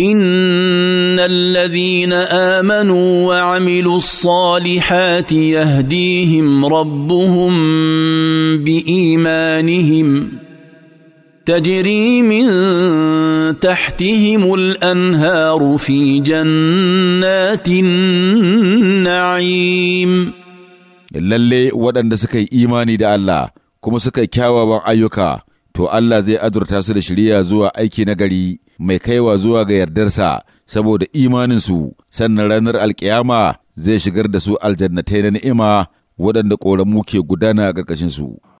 ان الذين امنوا وعملوا الصالحات يهديهم ربهم بايمانهم تجري من تحتهم الانهار في جنات النعيم lalle waɗanda suka yi imani da Allah kuma suka yi to Allah zai azurta su da shirya zuwa aiki na gari mai kaiwa zuwa ga yardarsa saboda imaninsu sannan ranar alkiyama zai shigar da su aljannatai na ni'ima waɗanda ƙoramu ke gudana a ƙarƙashinsu.